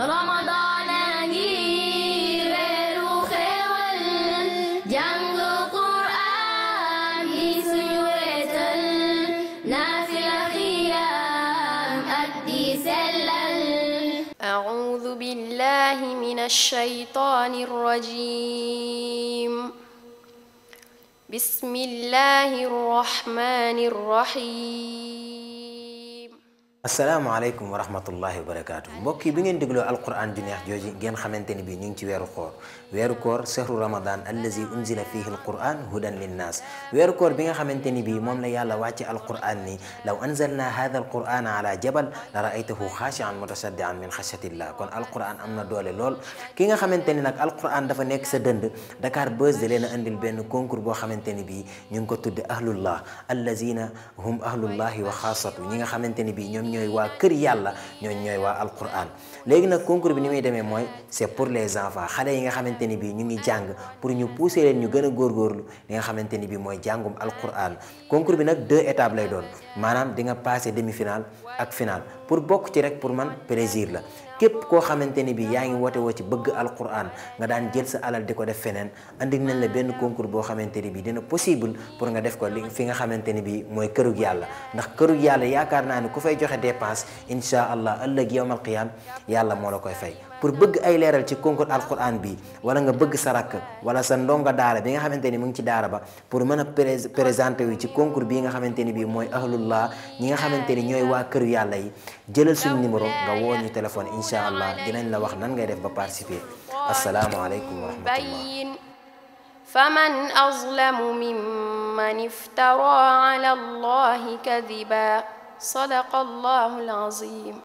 Ramadan a ngi weeru xéewal jàng Qur'an yi suñu weetal naafila xiyaam ak di sellal a'uudu billahi mina shaytaani rajiim bismillahi rahmaani rahiim asalaamaaleykum wa rahmatullahi wa barakaatu mbokk yi bi ngeen dégloo alquran ju neex jooji ngeen xamante ni bii ñu ngi ci weeru koor weeru koor sehru ramadan allazi unzila fihi alquran hudan linnaas weeru koor bi nga xamante ni bii moom la yàlla wàcce alquran ni law anzalna hadha alqurana ala jabal la raaytahu xaashian mutasaddian min xashatillah kon alquran am na doole lool ki nga xamante ni nag alquran dafa nekk sa dënd Dakar Buzz da leen a andil benn concours boo xamante ni bii ñu ngi ko tudde ahlullah allazina hum ahlullahi wa xaasatu ñi nga xamante ni bii ñoom ñooy waa kër yàlla ñooñ ñooy waa alquran léegi nag concours bi ni muy demee mooy c'est pour les enfants xale yi nga xamante ni bii ñu ngi jàng pour ñu pousser leen ñu gën a góorgóorlu li nga xamante ni bii mooy jàngum alquran concours bi nag deux étapes lay doon maanaam di nga passé demi-finale ak finale pour bokk ci rek pour man plaisir la képp koo xamante ni bi yaa ngi woote woo ci bëgg alquran nga daan jël sa alal di ko def feneen andi nañ la benn concours boo xamante ni bi dina possible pour nga def ko li fi nga xamante ni bi mooy kërug yàlla ndax kërug yàlla yaakaar naa ni ku fay joxe dépense incha allah ëllëg yowmal qiyam yàlla moo la koy fay pour bëgg ay leeral ci concours alquran bi wala nga bëgg sa rakk wala sa daara bi nga xamante ni mu ngi ci daara ba pour mën a présenté wu ci concours bii nga xamante ni bii mooy ahlullah ñi nga xamante ni ñooy waa këru yàlla yi jëlal suñu numéro nga woo ñu téléphone incha allah dinañ la wax nan ngay def ba participer asalaamaaleykum wa rahmatullah فمن أظلم ممن افترى على الله كذبا صدق الله العظيم